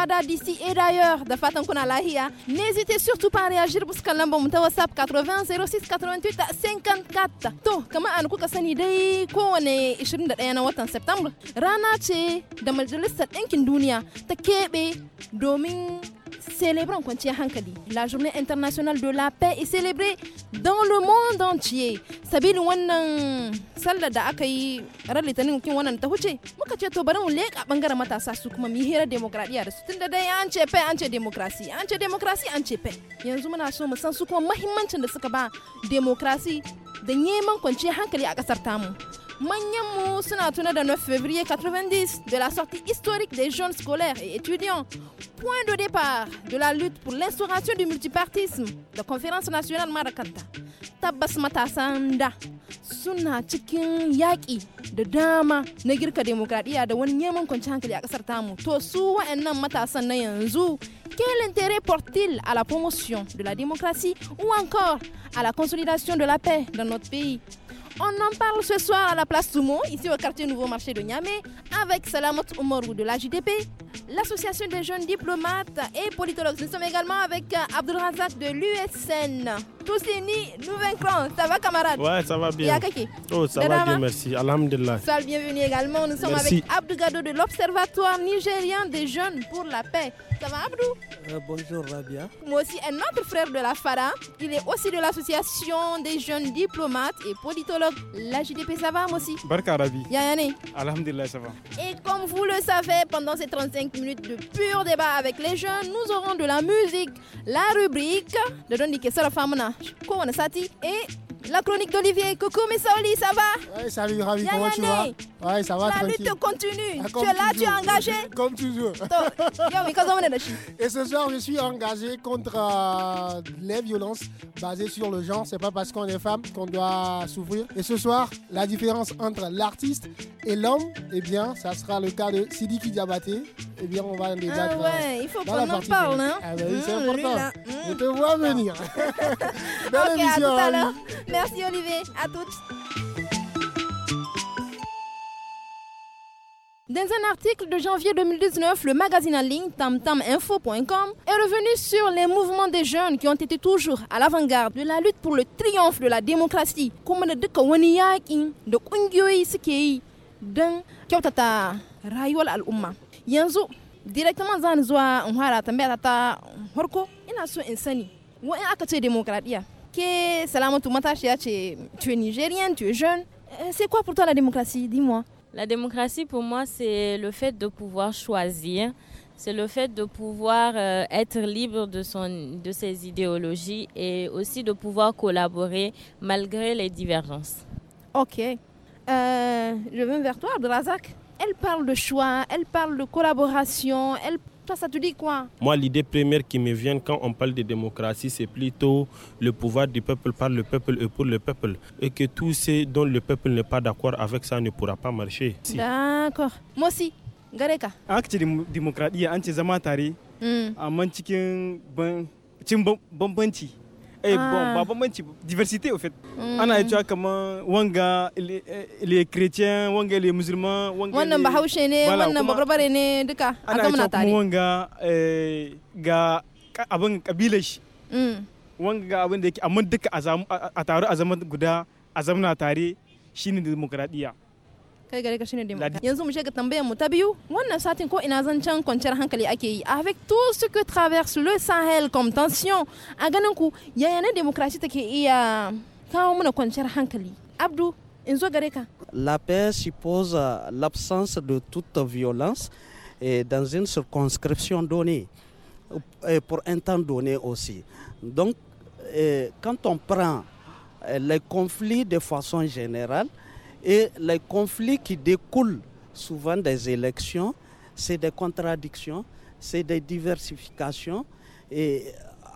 Fada d'ici et d'ailleurs, de Fatankuna Lahia. N'hésitez surtout pas à réagir parce que que l'on WhatsApp 80 06 88 54. To, kama an kuka sani dai kowane 21 na watan septembre? Rana ce da Majalisar Ɗinkin Duniya ta keɓe domin célébrons la journée internationale de la paix est célébrée dans le monde entier Sabi wannan sallar da aka yi ran litinin kin wannan ta huce muka ce to bari mu leka bangaren matasa su kuma mi hira demokradiya da su tunda dai an ce paix an ce demokrasi an ce demokrasi an ce paix yanzu muna so mu san su kuma muhimmancin da suka ba demokrasi da neman kwanciyar hankali a kasar tamu Manyamu Sunatuna le 9 février 90 de la sortie historique des jeunes scolaires et étudiants. Point de départ de la lutte pour l'instauration du multipartisme, la conférence nationale Marakata. Tabas matasanda Sunna cikin yaƙi da dama na girka demokradiyya da wani neman kwanci hankali a ƙasar tamu. To su wa'annan matasan na yanzu, quel intérêt porte-t-il à la promotion de la démocratie ou encore à la consolidation de la paix dans notre pays on en parle ce soir à la place Toumo, ici au quartier Nouveau Marché de Niamey, avec Salamot Oumarou de la JDP, l'association des jeunes diplomates et politologues. Nous sommes également avec Razak de l'USN tous les nids, nous vaincrons. Ça va, camarade Ouais, ça va bien. Et à Oh, ça va bien, hein? merci. Alhamdulillah. Sois le également. Nous sommes avec Abdou Gado de l'Observatoire nigérien des jeunes pour la paix. Ça va, Abdou euh, Bonjour, Rabia. Moi aussi, un autre frère de la FARA. Il est aussi de l'Association des jeunes diplomates et politologues. La JDP, ça va, moi aussi Barka, Rabi. Yayane Alhamdulillah, ça va. Et comme vous le savez, pendant ces 35 minutes de pur débat avec les jeunes, nous aurons de la musique, la rubrique de Don Dike Famna. Quoi, on a sati et eh. La chronique d'Olivier. Coucou mais ça va Ouais, salut Ravi, comment tu vas Ouais, ça va La lutte continue. Ah, tu es là, tu es engagé Comme toujours. Et ce soir, je suis engagé contre euh, les violences basées sur le genre. C'est pas parce qu'on est femme qu'on doit souffrir. Et ce soir, la différence entre l'artiste et l'homme, eh bien, ça sera le cas de Sidiki Diabaté. Eh bien, on va en ah débattre. Ah ouais, euh, il faut qu'on en parle, hein ah bah, oui, c'est mmh, important. Mmh. Je te vois mmh. venir. Belle okay, À tout à Merci Olivier, à toutes. Dans un article de janvier 2019, le magazine en ligne tamtaminfo.com est revenu sur les mouvements des jeunes qui ont été toujours à l'avant-garde de la lutte pour le triomphe de la démocratie. Kuma da duka wani yakin da kungiyoyi suke yi don kyautata rayuwar al'umma. Yanzu directement zan zuwa in fara tambaya ta ina so insani sani wa'in aka ce demokradiya que tu es nigérienne, tu es jeune. Euh, c'est quoi pour toi la démocratie Dis-moi. La démocratie, pour moi, c'est le fait de pouvoir choisir, c'est le fait de pouvoir euh, être libre de, son, de ses idéologies et aussi de pouvoir collaborer malgré les divergences. Ok. Euh, je viens vers toi, Drazak. Elle parle de choix, elle parle de collaboration, elle ça te dit quoi Moi, l'idée première qui me vient quand on parle de démocratie, c'est plutôt le pouvoir du peuple par le peuple et pour le peuple. Et que tout ce dont le peuple n'est pas d'accord avec ça ne pourra pas marcher. D'accord. Moi aussi, Gareka. Acte de démocratie, hmm. ben, anti bon et eh, ah. bon, bah, bon, diversité au fait. Mm. Ana tu vois comment Wanga il est, eh, il est chrétien, Wanga il est musulman, Wanga. Wana bahaushe ne, wana bagrabare ne, duka. Ana tu vois Wanga eh, ga abin kabilar shi. Mm. Wanga ga abin da yake amma duka a taru a zaman guda a zamna tare shine demokradiya kai gare ka shine demokrasi yanzu mu shiga tambayar mu ta biyu wannan satin ko ina zan can kwanciyar hankali ake yi avec tout ce que traverse le Sahel comme tension a ganin ku yaya ne demokrasi take iya kawo mana kwanciyar hankali Abdu in zo gare ka la paix suppose euh, l'absence de toute violence et dans une circonscription donnée et pour un temps donné aussi donc euh, quand on prend euh, les conflits de façon générale et les conflits qui découlent souvent des élections, c'est des contradictions, c'est des diversifications. Et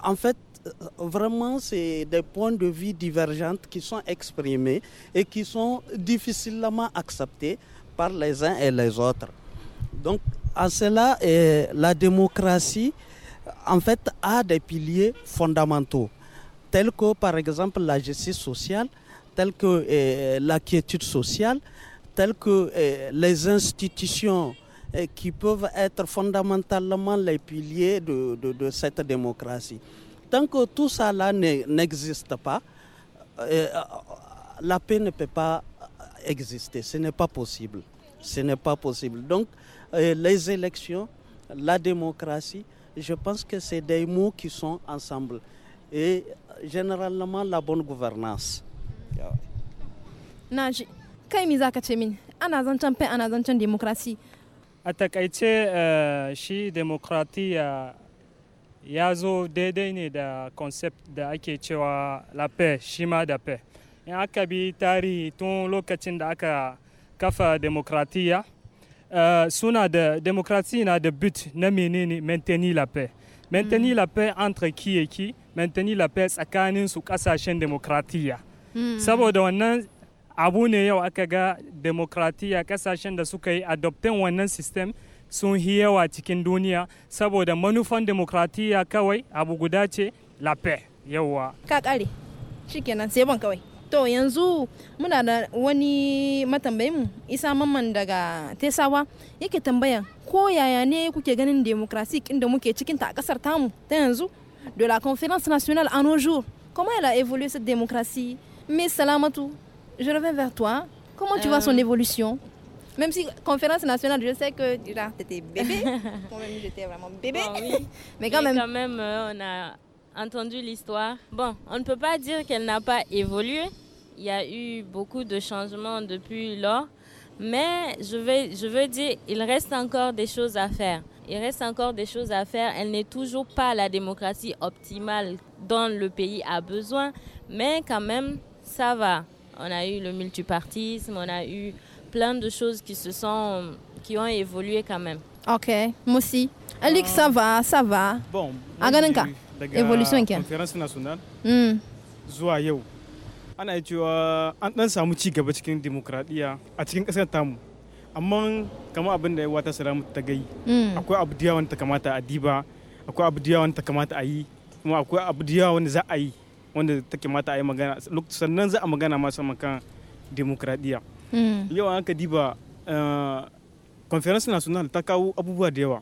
euh, en fait, euh, vraiment, c'est des points de vue divergents qui sont exprimés et qui sont difficilement acceptés par les uns et les autres. Donc, à cela, euh, la démocratie, en fait, a des piliers fondamentaux, tels que, par exemple, la justice sociale, telles que eh, la quiétude sociale, telles que eh, les institutions eh, qui peuvent être fondamentalement les piliers de, cette démocratie. Tant que tout cela n'existe pas, euh, la paix ne peut pas exister. Ce n'est pas possible. Ce n'est pas possible. Donc, les élections, la démocratie, je pense que c'est des mots qui sont ensemble. Et généralement, la bonne gouvernance. naji kai mi zaka ce mini ana zancen fen ana zancen demokrasi a takaice eh, shi demokratiya ya zo daidai ne da concept da ake cewa la paix shi ma da paix in aka bi tarihi tun lokacin da aka kafa demokratiya eh, suna da demokrasi na da but na menene maintenir la paix maintenir mm. la paix entre qui et qui maintenir la paix tsakanin su kasashen demokratiya Hmm. saboda wannan abu ne yau aka ga demokratiya kasashen da suka yi adoptin wannan system sun yi yawa cikin duniya saboda manufan demokratiya kawai abu guda ce lape yawa ka kare shikenan sai ban kawai to yanzu muna da wani matambayin isa mamman daga tesawa yake tambaya ko yaya ne kuke ganin demokrasi inda muke cikin ta a kasar tamu ta yanzu de la conférence nationale en nos jours comment elle a évolué cette démocratie Mais Salamatou, je reviens vers toi. Comment tu vois son euh. évolution Même si conférence nationale, je sais que tu étais bébé. Moi-même, j'étais vraiment bébé. Mais quand même. Quand même, euh, on a entendu l'histoire. Bon, on ne peut pas dire qu'elle n'a pas évolué. Il y a eu beaucoup de changements depuis lors. Mais je, vais, je veux dire, il reste encore des choses à faire. Il reste encore des choses à faire. Elle n'est toujours pas la démocratie optimale dont le pays a besoin. Mais quand même, ça va. On a eu le multipartisme, on a eu plein de choses qui se sont, qui ont évolué quand même. Ok, Moi Moussi. Alex, ça va, ça va. Bon, Agananka. Évolution inquiète. Conférence nationale. Mm. Zuwa yau. Ana cewa an dan samu ci gaba cikin demokradiyya a cikin kasar tamu. Amma kamar abin da wata ta salamu ta gai. Hmm. Akwai abu da yawan ta kamata a diba, akwai abu da yawan ta kamata a yi, kuma akwai abu da yawan za a yi. wanda take mata a yi magana sannan za a magana ma sama kan demokradiyya hmm. yau an ka diba eh, conference national ta kawo abubuwa da yawa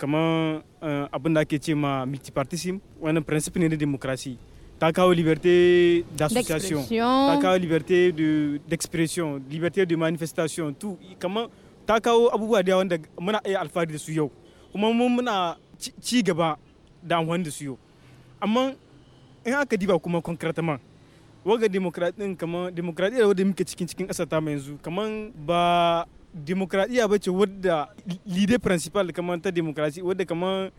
kamar eh, abin da ake ce ma multipartism wani principe ne na demokrasi ta kawo liberté d'association ta kawo liberté d'expression liberté de manifestation tu kamar ta kawo abubuwa da yawa wanda muna iya alfahari da su yau kuma mun muna ci gaba da amfani da su yau amma in aka diba kuma concretement waga demokradiyyar kamar da wadda muke cikin cikin kasar ta yanzu kamar ba demokradiya ba ce wadda leader principal kamar ta demokrasi wadda kamar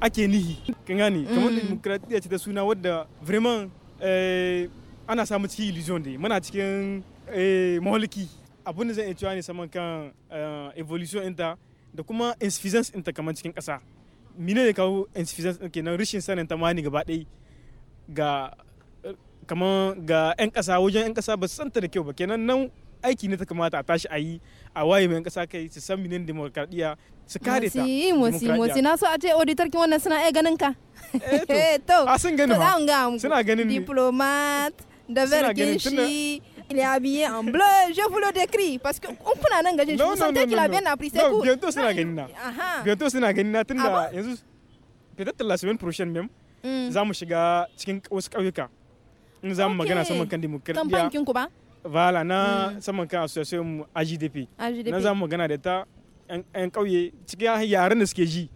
ake nihi kan gani mm. kamar demokradiya ce ta suna wadda vraiment eh, ana samu cikin illusion dai muna cikin eh, maholiki abin da zan iya cewa ne saman kan eh, evolution inta da kuma insuffisance inta kamar cikin kasa mine ne kawo insuffisance ke nan rashin sanin ta ma ne gaba ɗaya ga kamar ga 'yan kasa wajen 'yan kasa ba su santa da kyau ba kenan nan aiki ne ta kamata a tashi a yi a waye mai 'yan kasa kai su san minin demokradiyya su kare ta mosi mosi na so a ce auditor kin wannan suna iya ganin ka eh to a eh, ah, sun gani ba suna ganin diplomat da verkin shi il est habillé en bleu, je vous le décris. Parce qu'on peut en engager. Je vous sentais qu'il a bien appris ses cours. Bientôt, c'est la ah, Ganina. Ah. Bientôt, c'est la Ganina. Peut-être la semaine prochaine même. Mm. za mu shiga cikin wasu ƙauyuka in za mu magana saman kan demokradiyya ba vala na mm. saman kan association mu AGDP na za mu magana da ta yan ƙauye cikin yaren da suke ji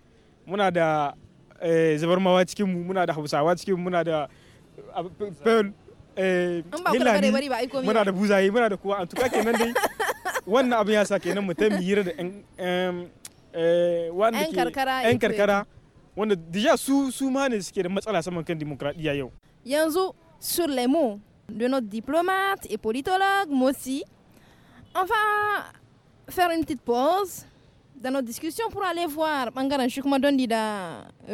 muna da eh, mawa cikin mu muna da hausawa cikin mu muna da peul eh, muna da buzaye muna da kowa an tuka kenan dai wannan abin ya sa kenan mu yi da yan eh, karkara wanda deja su su ma ne suke da matsala saman kan demokradiyya yau yanzu sur les mots de notre diplomate et politologue Mossi on va faire une petite pause dans notre discussion pour aller voir bangaren shi kuma l'a da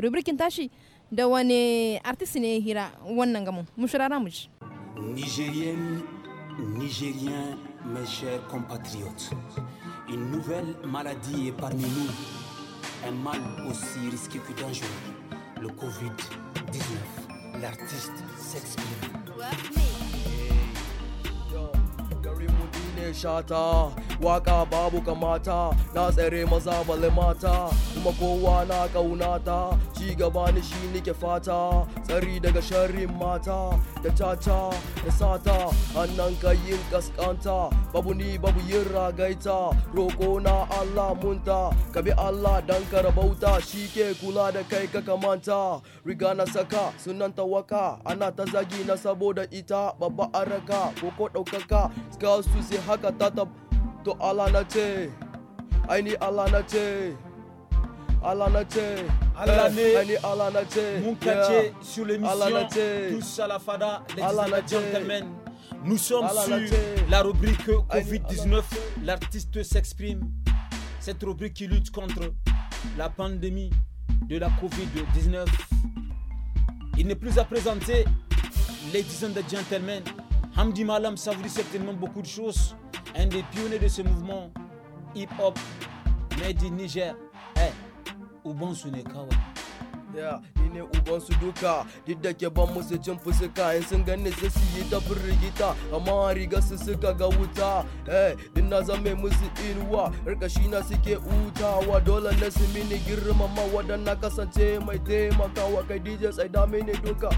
rubrikin tashi da wani artist ne hira wannan mu Nigérienne, Nigérien, mes chers compatriotes, une nouvelle maladie est parmi nous un mal aussi risqué que dangereux, le Covid-19. L'artiste s'exprime. mutu ne shata, waka babu kamata, na tsere maza bale mata, kuma kowa na kaunata, ci gaba ni shi nike fata, tsari daga sharrin mata, da tata, da sata, hannun kayin kaskanta, babu ni babu yin ragaita, roko na Allah munta, ka bi Allah dan ka shi ke kula da kai ka kamanta, riga na saka, sunan tawaka, ana ta zagi na saboda ita, babba araka, koko ɗaukaka, Tous les gentlemen. Nous sommes sur la rubrique Covid-19, l'artiste s'exprime. Cette rubrique qui lutte contre la pandémie de la Covid-19. Il n'est plus à présenter les dizaines de gentlemen Hamdi Malam, ça certainement beaucoup de choses. Un des pionniers de ce mouvement hip-hop, made du Niger. Eh, Ouban Sunekawa. daya ni ne uban su duka duk da ke ban musu cin fusuka in sun gani sai su yi ta firgita amma riga su suka ga wuta eh din na zame musu inuwa rikashi na suke hutawa dole na su mini girmamawa dan na kasance mai taimakawa kai DJ tsaida mini duka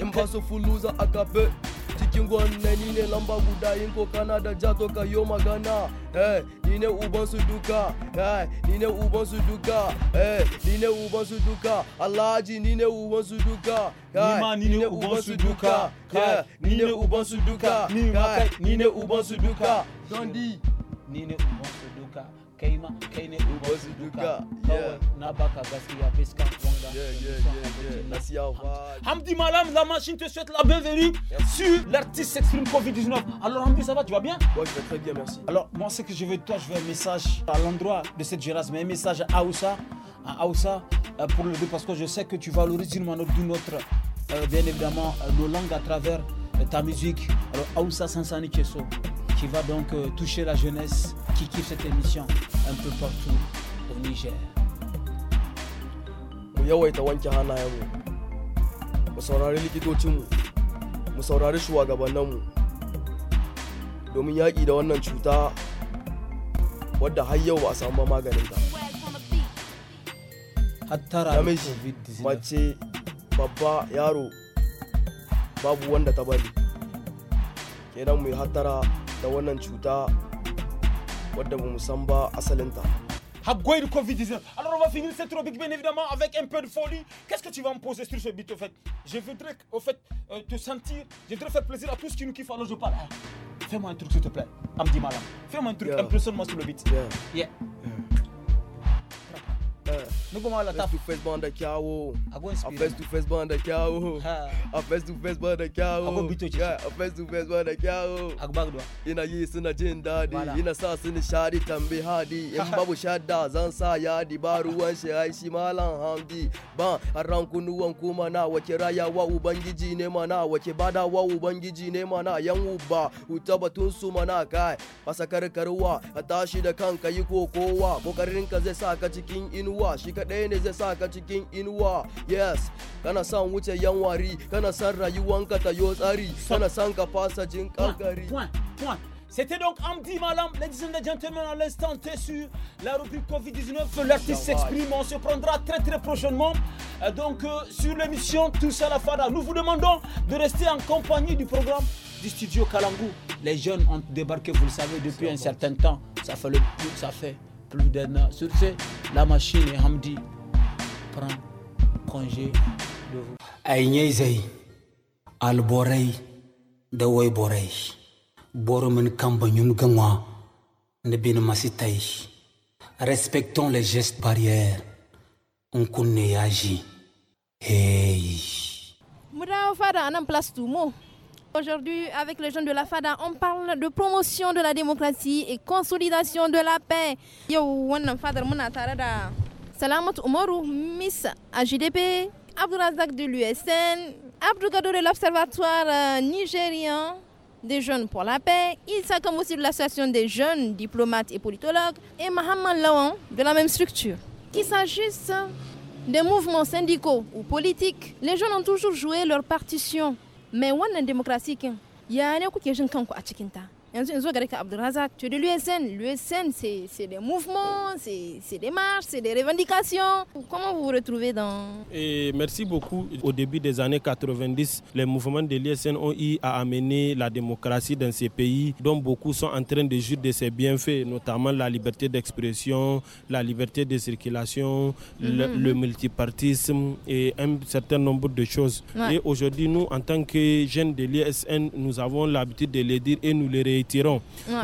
in ba su fuluza a kafe cikin gwanne ni ne lamba guda inko kana da ja to ka yo magana eh ni ne uban su duka eh ni ne uban su duka eh ni ne uban su duka alhaji ni ne uban su duka ni ne uban su duka ni ne uban su duka ni ne uban su duka dondi ni ne uban su duka Amdi wanga Hamdi Malam la machine te souhaite la bienvenue sur l'artiste s'exprime Covid-19 alors Hamdi ça va tu vas bien Oui, je vais très bien merci alors moi ce que je veux de toi je veux un message à l'endroit de cette gérase, mais un message à Aoussa à euh, pour le parce que je sais que tu valorises une d'une autre euh, bien évidemment euh, nos langues à travers ta musique alors Aoussa Sansani Kesso qui va donc euh, toucher la jeunesse qui kiffe cette émission un peu partout au Niger. Mu saurari domin da wannan cuta har yau a samu mace, yaro, babu wanda ta bari. mu hattara da wannan cuta wadda ba san ba asalinta. du Covid-19. Alors on va finir cette rubrique bien évidemment avec un peu de folie. Qu'est-ce que tu vas me poser sur ce beat au fait Je voudrais au fait euh, te sentir, je voudrais faire plaisir à tous qui nous kiffent alors je parle. Fais-moi un truc s'il te plaît, Amdi Malam. Fais-moi un truc, yeah. impressionne-moi sur le beat. yeah. Ni kuma wala ta. Face bande da kyawo. A face to face bande da kyawo. A face to face ban da kyawo. A face to face ban da kyawo. Agbagdo. Ina yi suna jin daɗi. Ina sa su nishadi a hadi. In babu shadda zan sa yadi ba ruwan shi ai shi malam hamdi. Ban haran kunuwan kuma na wace rayawa ubangiji ne na wace badawa ubangiji ne mana yan uba. Huta batun su mana kai. Fasa karkarwa. A tashi da kanka yi kokowa. Kokarin ka zai sa ka cikin inuwa. shi yes yanwari C'était donc Amdi Malam, ladies and gentlemen, à l'instant t'es sur la rubrique Covid-19. L'artiste s'exprime, on se prendra très très prochainement. Euh, donc euh, sur l'émission Tous à la Fada, nous vous demandons de rester en compagnie du programme du studio Kalangu. Les jeunes ont débarqué, vous le savez, depuis un certain temps. Ça fait le ça fait sur ce, la machine Hamdi prend congé Respectons les gestes barrières. On connaît agi. Hey. Aujourd'hui, avec les jeunes de la FADA, on parle de promotion de la démocratie et consolidation de la paix. Yo, wannan fadar muna tare Salamat Umaru, Miss AGDP, de l'USN, Gado de l'Observatoire euh, nigérien des jeunes pour la paix, Issa aussi de l'Association des jeunes diplomates et politologues, et Mohamed Lawan de la même structure. Qu'il s'agisse des mouvements syndicaux ou politiques, les jeunes ont toujours joué leur partition mai wannan demokrasi kin ya ne kuke jin kanku a ta. Tu es de l'USN. L'USN, c'est des mouvements, c'est des marches, c'est des revendications. Comment vous vous retrouvez dans. Et merci beaucoup. Au début des années 90, les mouvements de l'USN ont eu à amener la démocratie dans ces pays dont beaucoup sont en train de jouir de ses bienfaits, notamment la liberté d'expression, la liberté de circulation, le, mhm. multipartisme et un certain nombre de choses. Et aujourd'hui, nous, en tant que jeunes de l'USN, nous avons l'habitude de les dire et nous les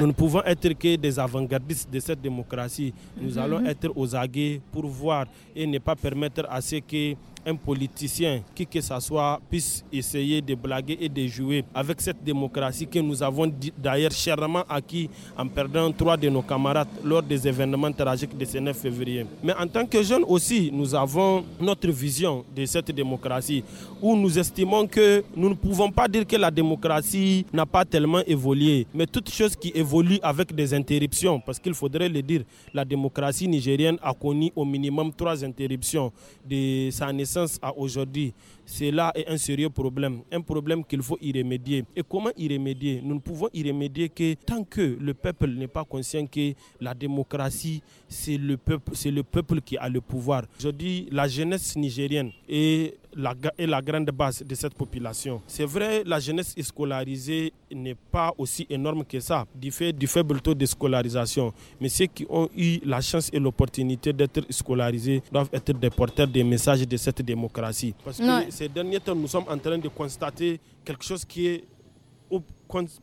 nous ne pouvons être que des avant-gardistes de cette démocratie. Nous mhm. allons être aux aguets pour voir et ne pas permettre à ce que un politicien, qui que ce soit, puisse essayer de blaguer et de jouer avec cette démocratie que nous avons d'ailleurs chèrement acquis en perdant trois de nos camarades lors des événements tragiques de ce 9 février. Mais en tant que jeunes aussi, nous avons notre vision de cette démocratie où nous estimons que nous ne pouvons pas dire que la démocratie n'a pas tellement évolué, mais toute chose qui évolue avec des interruptions, parce qu'il faudrait le dire, la démocratie nigérienne a connu au minimum trois interruptions de sa naissance à aujourd'hui, cela est un sérieux problème, un problème qu'il faut y remédier. Et comment y remédier Nous ne pouvons y remédier que tant que le peuple n'est pas conscient que la démocratie, c'est le peuple, c'est le peuple qui a le pouvoir. Aujourd'hui, la jeunesse nigérienne est la, la grande base de cette population. C'est vrai, la jeunesse scolarisée n'est pas aussi énorme que ça, du fait du faible taux de scolarisation. Mais ceux qui ont eu la chance et l'opportunité d'être scolarisés doivent être des porteurs des messages de cette démocratie. Parce que ces derniers temps, nous sommes en train de constater quelque chose qui est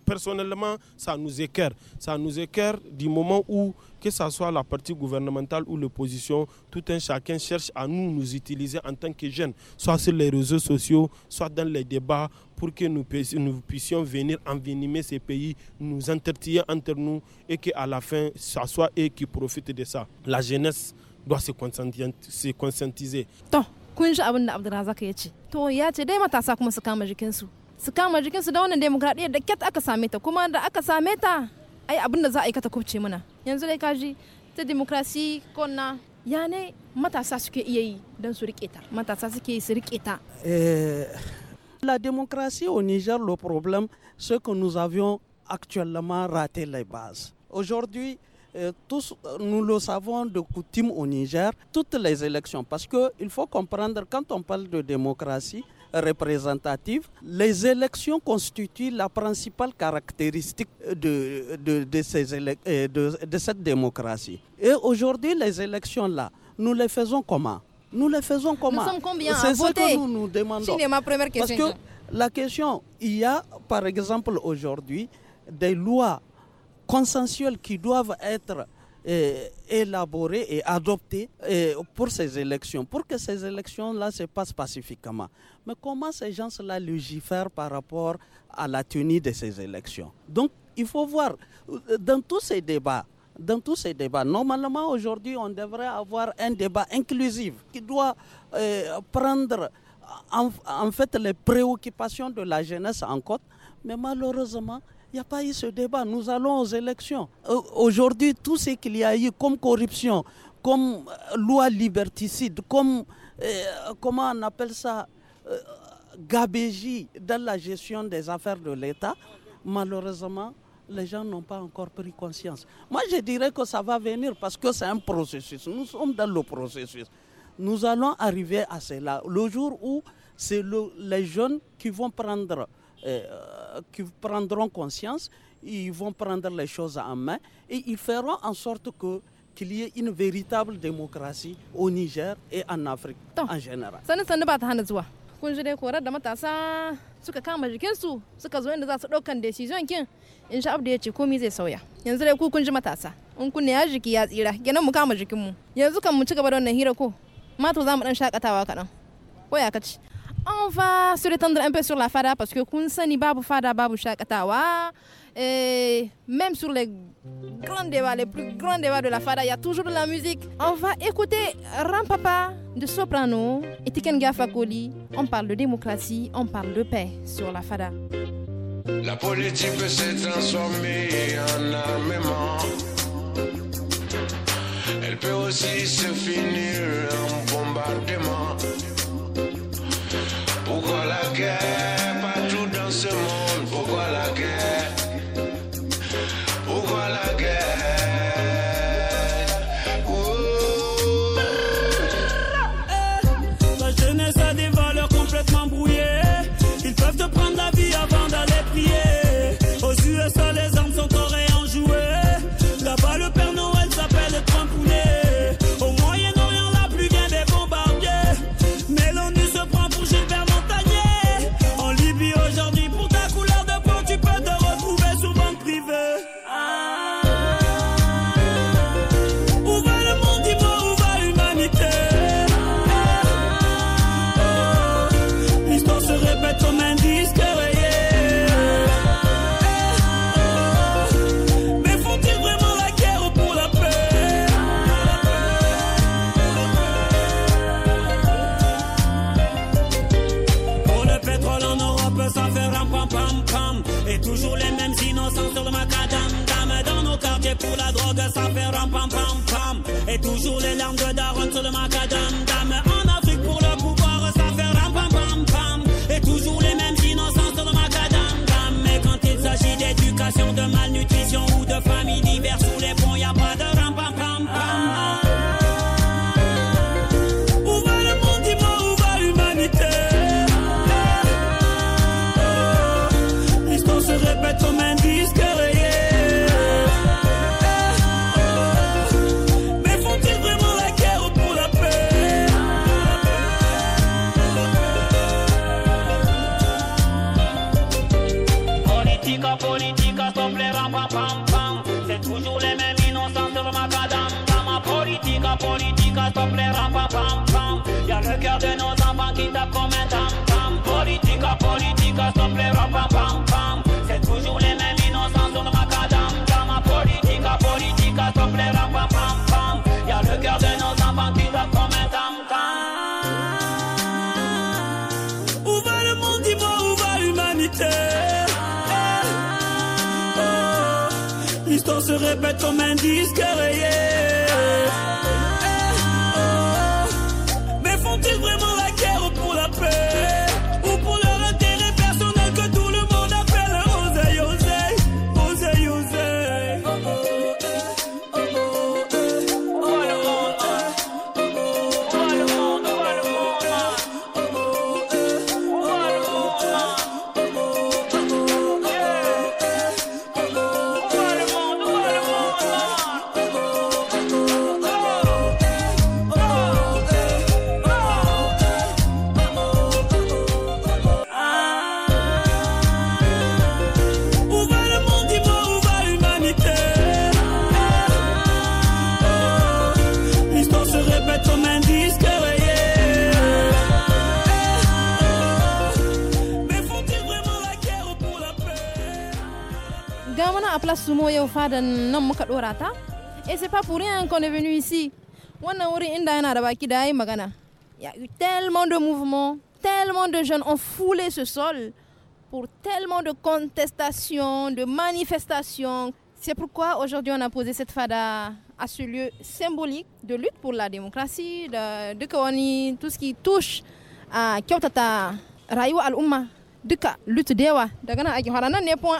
personnellement, ça nous écœure. Ça nous écœure du moment où, que ce soit la partie gouvernementale ou l'opposition, tout un chacun cherche à nous, nous utiliser en tant que jeunes, soit sur les réseaux sociaux, soit dans les débats, pour que nous, puissions venir envenimer ces pays, nous entretenir entre nous et que à la fin, ce soit eux qui profitent de ça. La jeunesse doit se conscientiser. Tant. to dai matasa su kama su da wannan demokradiyyar da ket aka same ta kuma da aka same ta ai abin da za a yi ta kubce muna yanzu dai kaji ta demokrasi konna ya ne matasa suke iya yi don su rike ta matasa suke yi su rike ta eh, la démocratie au Niger le problème c'est que nous avions actuellement raté les bases aujourd'hui euh, tous, nous le savons de coutume au Niger, toutes les élections, parce qu'il faut comprendre, quand on parle de démocratie, représentative. Les élections constituent la principale caractéristique de, euh, de, de, cette démocratie. Et aujourd'hui, les élections-là, nous les faisons comment Nous les faisons comment Nous sommes combien C'est ce que nous nous demandons. ma première question. Parce que la question, il y a par exemple aujourd'hui des lois consensuelles qui doivent être euh, élaboré et adopté euh, pour ces élections, pour que ces élections-là se passent pacifiquement. Mais comment ces gens-là légifèrent par rapport à la tenue de ces élections Donc, il faut voir, euh, dans tous ces débats, dans tous ces débats. Normalement, aujourd'hui, on devrait avoir un débat inclusif qui doit prendre en, en, fait les préoccupations de la jeunesse en compte. Mais malheureusement, il n'y a pas eu ce débat. Nous allons aux élections. Euh, aujourd'hui, tout ce qu'il y a eu comme corruption, comme euh, loi liberticide, comme, euh, comment on appelle ça, gabégie dans la gestion des affaires de l'État, malheureusement, les gens n'ont pas encore pris conscience. Moi, je dirais que ça va venir parce que c'est un processus. Nous sommes dans le processus. Nous allons arriver à cela. Le jour où c'est les jeunes qui vont prendre qui prendront conscience, ils vont prendre les choses en main et ils feront en sorte que qu'il y ait une véritable démocratie au Niger et en Afrique en général. Ça ne kun ji dai korar da matasa suka kama jikinsu suka zo inda za su ɗaukan decision kin in sha abu ya ce komi zai sauya yanzu dai ku kun ji matasa in kun ya jiki ya tsira kenan mu kama jikinmu yanzu kan mu ci gaba da wannan hira ko mato za mu dan shakatawa kaɗan ko ya kaci on va se détendre un peu sur la fada parce que Kunsani Babu Fada Babu Shakatawa, et même sur les grands débats, les plus grands débats de la fada, il y a toujours de la musique. On va écouter Rampapa de Soprano et Tikenga Fakoli. On parle de démocratie, on parle de paix sur la fada. La politique s'est transformée en armement. Elle peut aussi se finir en bombardement. quer partir dans ce she's got et eh, c'est pas pour rien qu'on est venu ici magana il y a eu tellement de mouvements tellement de jeunes ont foulé ce sol pour tellement de contestations de manifestations c'est pourquoi aujourd'hui on a posé cette fada à ce lieu symbolique de lutte pour la démocratie de, de tout ce qui touche à Kyotata, al duka lutte da yawa point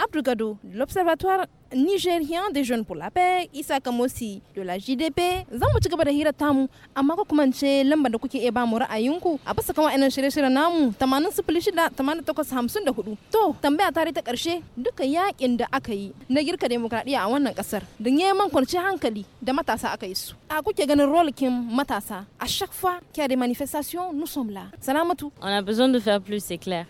Abdou l'Observatoire nigérien des jeunes pour la paix, Issa Kamosi de la JDP, Zambo mu gaba da hira tamu amma ko kuma ce Eba da kuke iya ba mu ra'ayinku a bisa kan Tamana shirye-shiryen da hudu To tambaya tare ta karshe duka yakin da aka yi na girka demokradiya a wannan kasar da neman kwanci hankali da matasa aka yi su. A kuke ganin rolikin matasa a chaque fois qu'il y a des manifestations nous sommes là. Salamatu. On a besoin de faire plus c'est clair.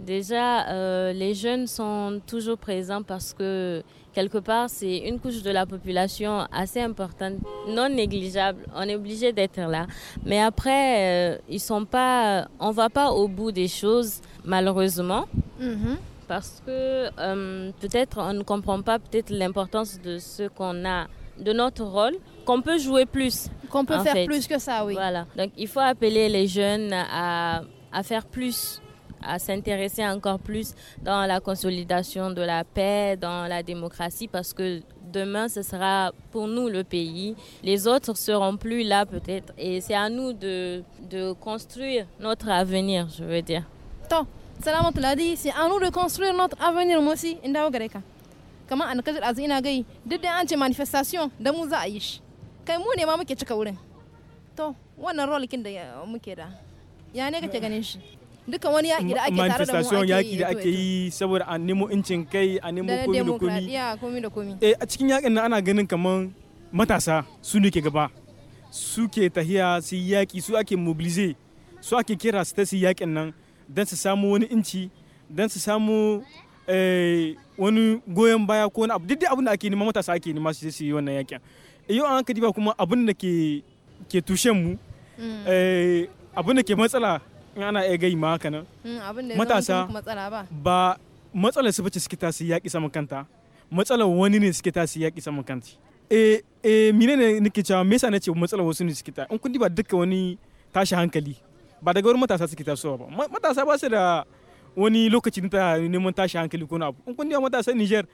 Déjà, euh, les jeunes sont toujours présents parce que quelque part, c'est une couche de la population assez importante, non négligeable. On est obligé d'être là. Mais après, on euh, ils sont pas, on va pas au bout des choses, malheureusement. Mhm. Parce que euh, peut-être on ne comprend pas peut-être l'importance de ce qu'on a, de notre rôle, qu'on peut jouer plus. Qu'on peut faire plus que ça, oui. Voilà. Donc il faut appeler les jeunes à, à faire plus à s'intéresser encore plus dans la consolidation de la paix, dans la démocratie, parce que demain, ce sera pour nous le pays. Les autres seront plus là peut-être. Et c'est à nous de, de construire notre avenir, je veux dire. Tant, l'a dit, c'est à nous de construire notre avenir, aussi, Indao Gareka. Comment on a dire que gai duk da manifestation da mu za a yi kai mu ne ma muke cika wurin to wannan role kin da a da ya ne kake ganin shi duka wani yaƙi da ake tare da mu ake yaƙi da ake yi saboda a nemo incin kai a nemo komi da komi da komi eh a cikin yaƙin nan ana ganin kaman matasa su ne ke gaba su ke tahiya su yi yaƙi su ake mobilize su ake kira su ta su yaƙin nan don su samu wani inci don su samu eh, wani goyon baya ko wani abu duk abin da ake nema matasa ake nema su su yi wannan yaƙin eh, yau an ka diba kuma abin da ke ke tushen mu mm. eh, abin da ke matsala ana iya gai ma haka nan mm, matasa ba matsalar su bace suke tasi yaƙi saman kanta matsalar wani ne suke tasi yaƙi saman kanta eh eh mine ne nake cewa me yasa nace matsalar wasu ne suke ta in kun ba duka wani tashi hankali ba daga wurin matasa suke tasowa ba matasa ba su da wani lokaci ta neman tashi hankali ko na abu in kun diba matasan Niger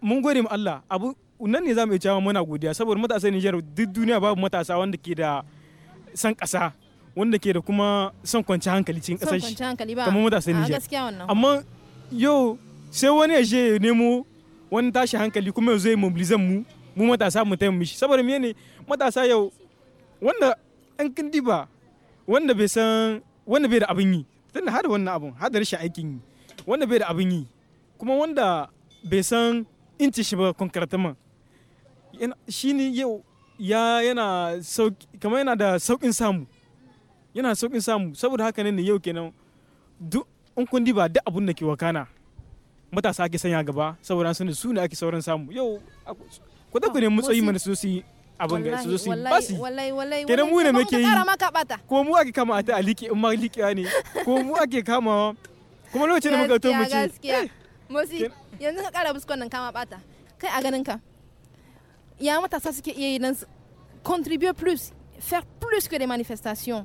mun gode mu Allah abu nan ne zamu iya cewa muna godiya saboda matasan Niger duk duniya babu matasa wanda ke da san ƙasa wanda ke da kuma son kwanci hankali cikin kasar shi kamar sai Nijar amma yau sai wani ya je ya nemo wani tashi hankali kuma yau zai mobilizan mu mu matasa mu taimu mishi saboda mene matasa yau wanda ɗan kindi ba wanda bai san wanda bai da abin yi tunda har wannan abun har da rashin aikin yi wanda bai da abin yi kuma wanda bai san inci shi ba shi ne yau ya yana kamar yana da saukin samu yana saukin samu saboda haka ne yau kenan duk in kun diba duk abun da ke wakana matasa ake sanya gaba saboda sun su ne ake sauran samu yau ku da ku ne matsayi mana su su abin ga su su basi kenan mu ne muke yi ko mu ake kama ta aliki in ma likiya ne ko mu ake kama kuma lokacin da muka to mu ce mosi yanzu ka kara buskon nan kama bata kai a ganin ka ya matasa suke iya yi nan contribute plus faire plus que des manifestations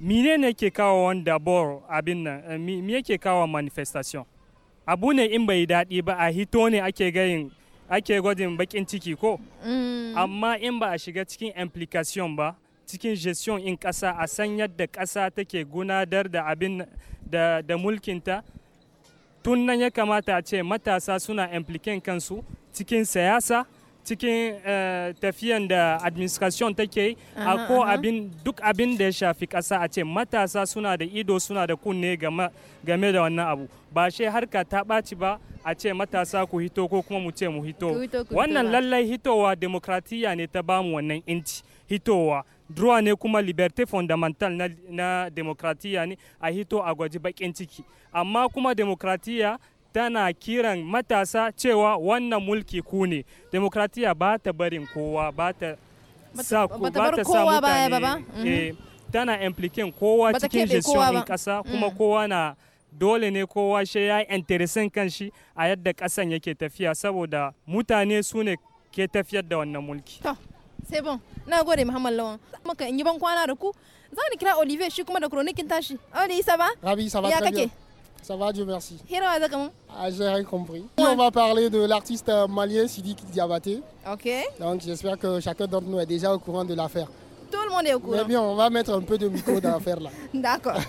mine ne ke kawo wanda dabor abin nan eh, mi yake kawo manifestation abu ne in bai daɗi ba a hito ne ake gayin ake gwajin bakin ciki ko mm. amma in ba a shiga cikin implication ba cikin gestion in ƙasa a san yadda ƙasa take gunadar da abin da, mulkinta tun nan ya kamata a ce matasa suna implicate kansu cikin siyasa cikin eh, tafiyan da administration take a ko abin duk abin da ya shafi kasa a ce matasa suna da ido suna da kunne game da wannan abu ba shi harka ta ɓaci ba a ce matasa ku hito ko kuma mu ce mu hito wannan lallai hitowa demokratiya ne ta bamu wannan inci hitowa droit ne kuma liberté fondamental na, na demokratiya ne a hito a gwaji bakin ciki amma kuma demokratiya tana kiran matasa cewa wannan mulki ku ne demokratiya ba ta barin kowa ba ta sa ku ba ta sa mutane mm-hmm. eh, tana implikin kowa cikin gestion kasa mm. kuma kowa na dole ne kowa shi ya interesin kan shi a yadda kasan yake tafiya saboda mutane su ne ke tafiyar da wannan mulki. sai bon na gode muhammad lawan maka in yi ban kwana da ku za ni kira olivier shi kuma da kronikin tashi oli isa ba ya kake Ça va, Dieu merci. Ah, j'ai rien compris. On va parler de l'artiste euh, malien Sidi Diabaté. Ok. Donc j'espère que chacun d'entre nous est déjà au courant de l'affaire. Tout le monde est au courant. bien, on va mettre un peu de micro dans l'affaire là. D'accord.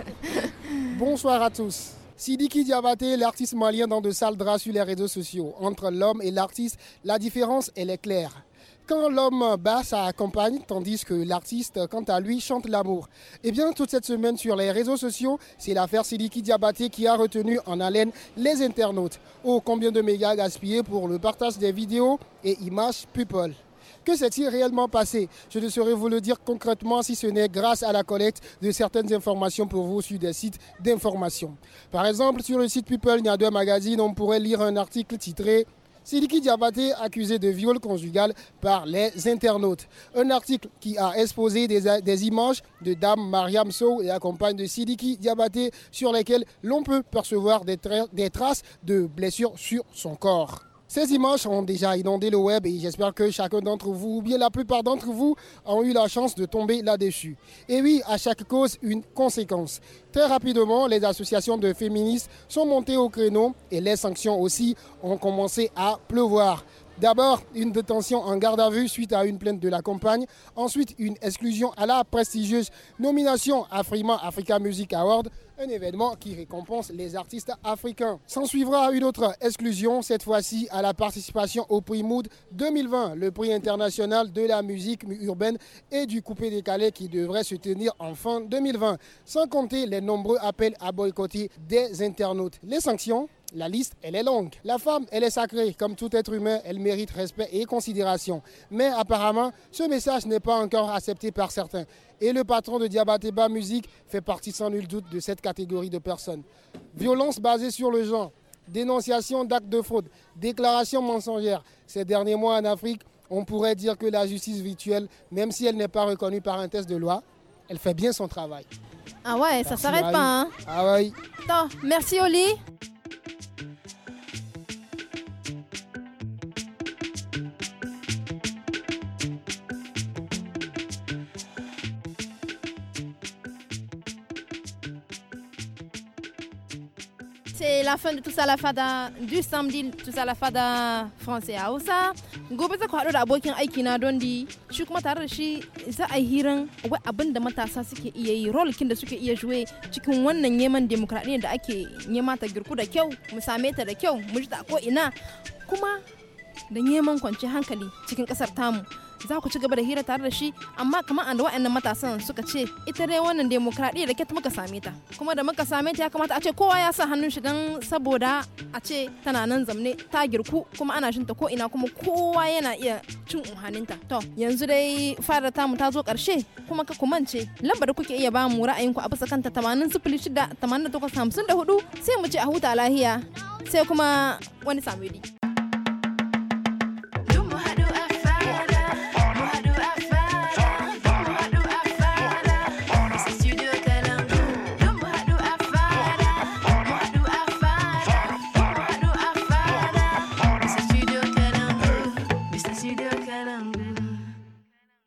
Bonsoir à tous. Sidiki Diabaté, l'artiste malien dans de sales draps sur les réseaux sociaux. Entre l'homme et l'artiste, la différence, elle est claire. Quand l'homme bat, sa accompagne, tandis que l'artiste, quant à lui, chante l'amour. Eh bien, toute cette semaine sur les réseaux sociaux, c'est l'affaire Siliki Diabaté qui a retenu en haleine les internautes. Oh, combien de mégas gaspillés pour le partage des vidéos et images people. Que s'est-il réellement passé Je ne saurais vous le dire concrètement si ce n'est grâce à la collecte de certaines informations pour vous sur des sites d'information. Par exemple, sur le site People deux magazines, on pourrait lire un article titré Sidiki Diabaté accusé de viol conjugal par les internautes. Un article qui a exposé des, images de Dame Mariam Sow et compagne de Sidiki Diabaté sur lesquelles l'on peut percevoir des traces de blessures sur son corps. Ces images ont déjà inondé le web et j'espère que chacun d'entre vous, ou bien la plupart d'entre vous, ont eu la chance de tomber là-dessus. Et oui, à chaque cause, une conséquence. Très rapidement, les associations de féministes sont montées au créneau et les sanctions aussi ont commencé à pleuvoir. D'abord, une détention en garde à vue suite à une plainte de la campagne. Ensuite, une exclusion à la prestigieuse nomination frima Africa Music Award un événement qui récompense les artistes africains. S'en suivra une autre exclusion, cette fois-ci à la participation au prix Mood 2020, le prix international de la musique urbaine et du coupé calais qui devrait se tenir en fin 2020, sans compter les nombreux appels à boycotter des internautes. Les sanctions la liste, elle est longue. La femme, elle est sacrée. Comme tout être humain, elle mérite respect et considération. Mais apparemment, ce message n'est pas encore accepté par certains. Et le patron de Diabatéba Musique fait partie sans nul doute de cette catégorie de personnes. Violence basée sur le genre, dénonciation d'actes de fraude, déclaration mensongère. Ces derniers mois en Afrique, on pourrait dire que la justice virtuelle, même si elle n'est pas reconnue par un test de loi, elle fait bien son travail. Ah ouais, ça ça s'arrête pas, hein. Ah ouais. Attends, merci Oli. la fin de tout ça, la de, du samedi tout ça, la de français Hausa. Gobe za haɗu da abokin aiki na don di Shi kuma tare da shi za a yi hiran wai abin da matasa suke iya yi, kin da suke iya juwe cikin wannan neman demokradiyyar da ake nema ta girku da kyau, mu same ta da kyau, mu ji ta ko ina. Kuma da neman kwanci hankali cikin kasar tamu. za ku ci gaba da hira tare da shi amma kamar an da wa'annan matasan suka ce ita dai wannan demokradiyya da muka same ta kuma da muka same ta ya kamata a ce kowa ya sa hannun shi dan saboda a ce tana nan zamne ta girku kuma ana shinta ko ina kuma kowa yana iya cin umhaninta to yanzu dai fara mu ta zo karshe kuma ka kumance lambar kuke iya ba mu ra'ayinku a bisa kanta 80 da 54 sai mu ce a huta lahiya sai kuma wani samedi